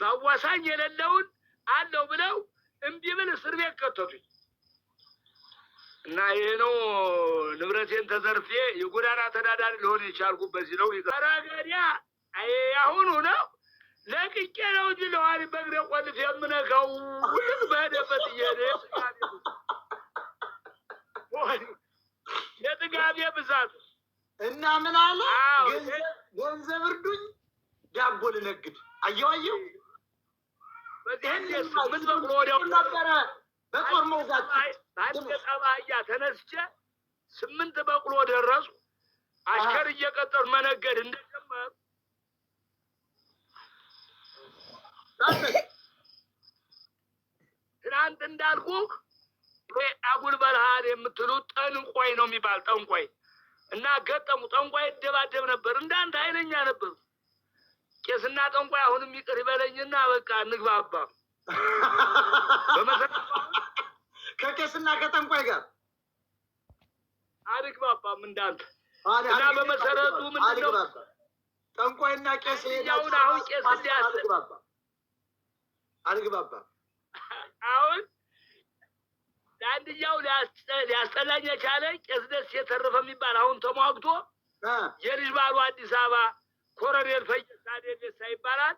በአዋሳኝ የሌለውን አለው ብለው እምቢ ብል እስር ቤት ከተቱኝ እና ይህ ነው ንብረቴን ተዘርፌ የጎዳና ተዳዳሪ ሊሆን የቻልኩት በዚህ ነው። ራገዲያ አሁኑ ነው ለቅቄ ነው እንጂ ለዋሪ በግሬ ቆልፍ የምነካው ሁሉም በሄደበት እየሄደ የጥጋቤ ብዛት እና ምን አለ ገንዘብ እርዱኝ ዳቦ ልነግድ አየዋየው ጠባያ ተነስቼ ስምንት በቅሎ ደረሱ። አሽከር እየቀጠር መነገድ እንደጀመር ትናንት እንዳልኩ አጉል በልሃል የምትሉት ጠንቋይ ነው የሚባል ጠንቋይ እና ገጠሙ ጠንቋይ ይደባደብ ነበር። እንዳንድ ኃይለኛ ነበሩ። ቄስና ጠንቋይ አሁንም ይቅር ይበለኝና በቃ እንግባባ። ከቄስና ከጠንቋይ ጋር አልግባባም እንዳንተ እና በመሰረቱ ምንድነው ጠንቋይና ቄስ ሄዳሁን አሁን ቄስ እንዲያስግባባ አልግባባም አሁን ለአንድኛው ሊያስጠላኝ የቻለ ቄስ ደስ የተረፈ የሚባል አሁን ተሟግቶ የልጅ ባሉ አዲስ አበባ ኮረቤል ፈይሳ ደደሳ ይባላል።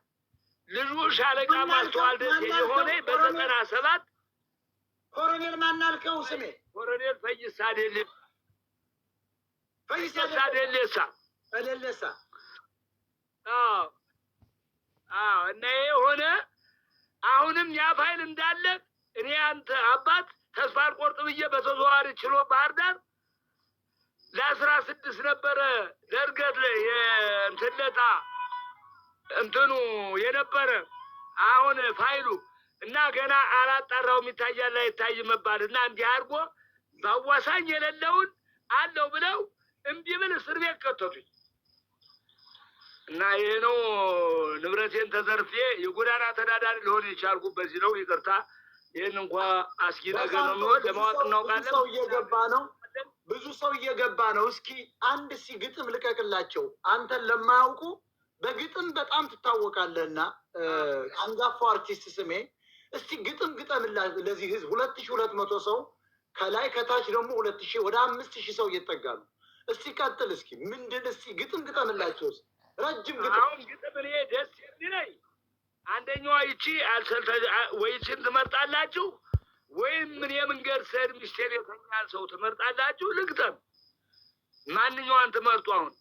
ልጁ ሻለቃ ማስተዋል ደሴ የሆነ በዘጠና ሰባት ኮረኔል ማናልከው ስሜ ኮረኔል ፈይሳ ደሌ ፈይሳ ደሌሳ ደሌሳ አዎ አዎ። እና ይሄ የሆነ አሁንም ያ ፋይል እንዳለ እኔ አንተ አባት ተስፋ አልቆርጥ ብዬ በተዘዋዋሪ ችሎ ባህር ዳር አስራ ስድስት ነበረ ደርገት ላይ የእንትነጣ እንትኑ የነበረ አሁን ፋይሉ እና ገና አላጣራውም ይታያል አይታይ መባል እና እንዲህ አድርጎ በአዋሳኝ የሌለውን አለው ብለው እምቢ ብል እስር ቤት ከተቱኝ እና ይህ ነው ንብረቴን ተዘርፌ የጎዳና ተዳዳሪ ሊሆን የቻልኩ በዚህ ነው። ይቅርታ ይህን እንኳ አስጊ ነገር ነው የሚሆን ለማወቅ እናውቃለን። ሰው እየገባ ነው ብዙ ሰው እየገባ ነው። እስኪ አንድ ሲ ግጥም ልቀቅላቸው። አንተን ለማያውቁ በግጥም በጣም ትታወቃለህና አንጋፋው አርቲስት ስሜ እስቲ ግጥም ግጠም ለዚህ ህዝብ ሁለት ሺ ሁለት መቶ ሰው ከላይ ከታች ደግሞ ሁለት ሺ ወደ አምስት ሺህ ሰው እየጠጋ ነው። እስቲ ቀጥል። እስኪ ምንድን እስቲ ግጥም ግጠምላቸው ረጅም ግጥም ግጥም እኔ ደስ የሚለኝ አንደኛዋ ይቺ ወይ ስንት ትመርጣላችሁ ወይም እኔ መንገድ ሰድ ሚስቴር የተኛ ሰው ትመርጣላችሁ? ልግጠም። ማንኛዋን ትመርጡ? አሁን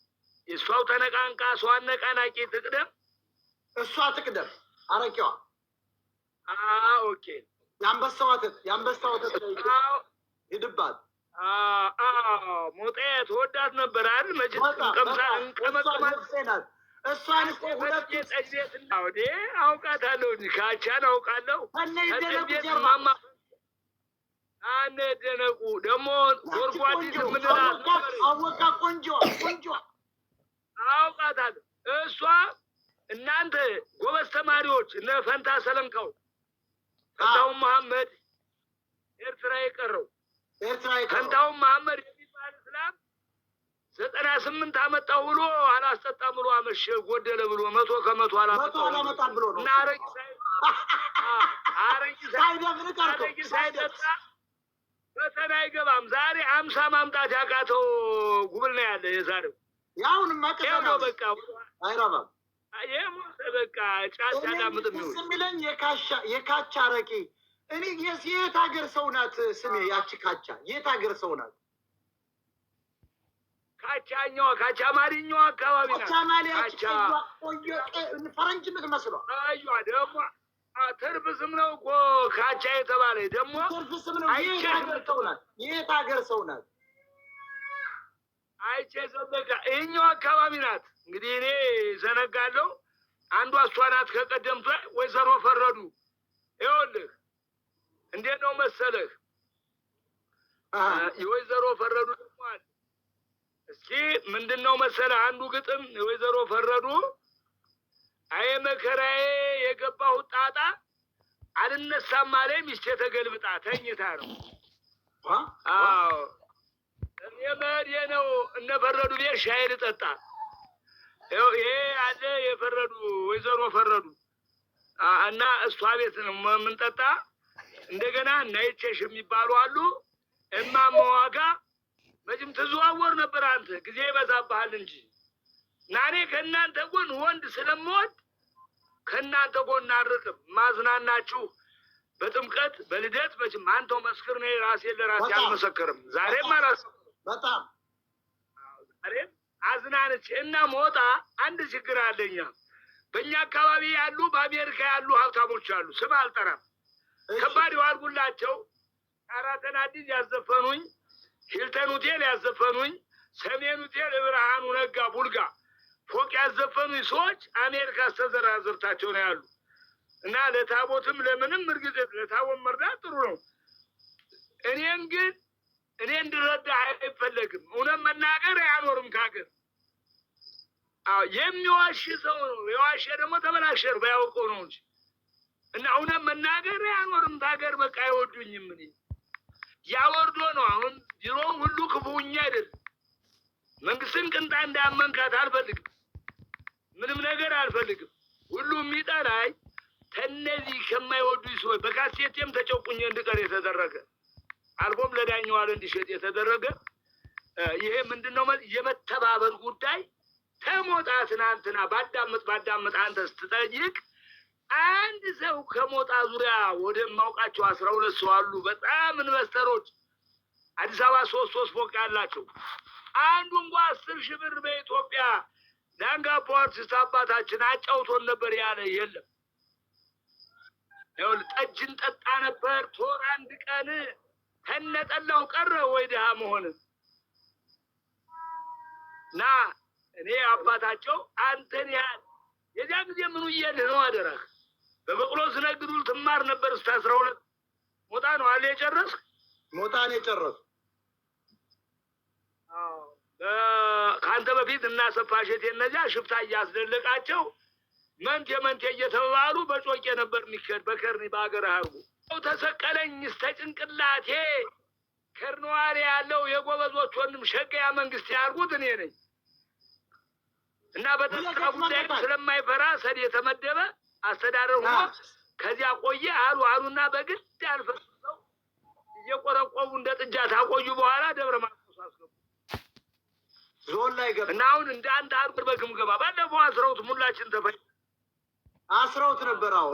እሷው ተነቃንቃ እሷን ነቃናቂ ትቅደም፣ እሷ ትቅደም። አረቂዋ ኦኬ። የአንበሳዋ ወተት የአንበሳዋ ወተት ሂድባት። ሞጤ ተወዳት ነበር አይደል? መቼ እንቀመቀማናት እሷን አውቃታለሁ፣ ካቻን አውቃለሁ። ከነ አነደነቁ ደግሞ ጎርጓዲት አወቃ ቆንጆ ቆንጆ አውቃታል። እሷ እናንተ ጎበዝ ተማሪዎች እነ ፈንታ ሰለንቀው ፈንታውን መሐመድ ኤርትራ የቀረው ፈንታውን መሐመድ የሚባል እስላም ዘጠና ስምንት አመጣ ብሎ አላስጠጣም ብሎ አመሸ ጎደለ ብሎ መቶ ከመቶ አላመጣም ብሎ ነው። አረቂ ሳይጠጣ በቀን አይገባም። ዛሬ አምሳ ማምጣት ያቃተው ጉብል ነው ያለ የዛሬው ያሁን ማቀዳው በቃ አይራባም። በቃ ጫት ያዳምጥም የሚለኝ የካቻ አረቄ እኔ የት ሀገር ሰው ናት? ስሜ ያቺ ካቻ የት ሀገር ሰው ናት? ካቻኛዋ ካቻ ማሪኛዋ አካባቢ ናት። ፈረንጅ መስሏ አዩ ደግሞ ትርፍ ስም ነው እኮ ካቻ የተባለ ደግሞ ትርፍ ስም ነው። የት ሀገር ሰው ናት? ሰው ናት? አይቼ ሰበካ ይህኛው አካባቢ ናት። እንግዲህ እኔ ዘነጋለሁ። አንዷ እሷ ናት። ከቀደምቷ ወይዘሮ ፈረዱ ይኸውልህ፣ እንዴት ነው መሰለህ የወይዘሮ ፈረዱ እስኪ ምንድን ነው መሰለህ አንዱ ግጥም የወይዘሮ ፈረዱ አይ መከራዬ የገባሁ ጣጣ አልነሳም አለ ሚስቴ ተገልብጣ ተኝታ ነው። አዎ እኔ መሄድ ነው። እነ ፈረዱ ቤት ሻይ ልጠጣ ይሄ አለ የፈረዱ ወይዘሮ ፈረዱ እና እሷ ቤት ነው የምንጠጣ። እንደገና ናይቼሽ የሚባሉ አሉ። እማማ ዋጋ መቼም ትዘዋወር ነበር። አንተ ጊዜ ይበዛብሃል እንጂ ናኔ ከእናንተ ጎን ወንድ ስለምወድ ከእናንተ ጎን አርቅም። ማዝናናችሁ በጥምቀት በልደት መቼም አንተ መስክር ነ ራሴ ለራሴ አልመሰክርም። ዛሬም አላስ በጣም ዛሬም አዝናነች እና ሞጣ አንድ ችግር አለኛ በእኛ አካባቢ ያሉ በአሜሪካ ያሉ ሀብታሞች አሉ። ስም አልጠራም። ከባድ ዋልጉላቸው አራተን አዲስ ያዘፈኑኝ፣ ሂልተን ሆቴል ያዘፈኑኝ፣ ሰሜን ሆቴል ብርሃኑ ነጋ ቡልጋ ፎቅ ያዘፈኑ ሰዎች አሜሪካ ስተዘራዝርታቸው ነው ያሉ እና ለታቦትም ለምንም እርግጥ ለታቦት መርዳት ጥሩ ነው። እኔም ግን እኔ እንድረዳ አይፈለግም። እውነት መናገር አያኖርም ከሀገር የሚዋሽ ሰው ነው። የዋሸ ደግሞ ተበላሸር ባያውቀው ነው እንጂ እና እውነት መናገር አያኖርም ከሀገር በቃ አይወዱኝም። ምን ያወርዶ ነው አሁን ቢሮም ሁሉ ክፉኛ አይደል መንግስትን ቅንጣ እንዳመንካት አልፈልግም። ምንም ነገር አልፈልግም። ሁሉ የሚጠላኝ ከእነዚህ ከማይወዱ ሰዎች በካሴቴም ተጨቁኝ እንድቀር የተደረገ አልቦም ለዳኘዋል እንዲሸጥ የተደረገ ይሄ ምንድን ነው? የመተባበር ጉዳይ ተሞጣ ትናንትና ባዳምጥ ባዳምጥ አንተ ስትጠይቅ አንድ ሰው ከሞጣ ዙሪያ ወደ ማውቃቸው አስራ ሁለት ሰው አሉ። በጣም ኢንቨስተሮች አዲስ አበባ ሶስት ሶስት ፎቅ ያላቸው አንዱ እንኳ አስር ሺህ ብር በኢትዮጵያ ዳንጋፖ አርቲስት አባታችን አጫውቶን ነበር ያለ የለም። ይኸውልህ ጠጅን ጠጣ ነበር ቶር አንድ ቀን ከነጠላው ቀረ ወይ ድሃ መሆንን ና እኔ አባታቸው አንተን ያህል የዚያ ጊዜ ምኑ እየልህ ነው አደረህ በበቅሎ ስነግዱል ትማር ነበር እስከ አስራ ሁለት ሞጣ ነው አለ የጨረስክ ነው የጨረስ ከእናንተ በፊት እና እነዚያ ሽፍታ እያስደለቃቸው መንቴ መንቴ እየተባሉ በጮቄ ነበር የሚከድ በከርኒ በሀገር አርጉ ተሰቀለኝ እስተ ጭንቅላቴ ከርነዋሪ ያለው የጎበዞች ወንድም ሸገያ መንግስት ያርጉት እኔ ነኝ እና በጠቃ ጉዳይ ስለማይፈራ ሰድ የተመደበ አስተዳደር ሆኖ ከዚያ ቆየ አሉ አሉና በግድ አልፈሰው እየቆረቆቡ እንደ ጥጃ ታቆዩ በኋላ ደብረ ማርቆስ አስገቡ። ዞን ላይ ገባ እና አሁን እንደ አንድ አንድ በግምገማ ባለፈው አስረውት ሙላችን ተፈ አስረውት ነበር። አዎ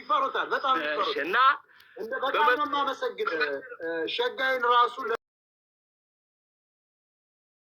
ይፈሩታል፣ በጣም ይፈሩታል። እና በጣም ነው የማመሰግን ሸጋይን ራሱ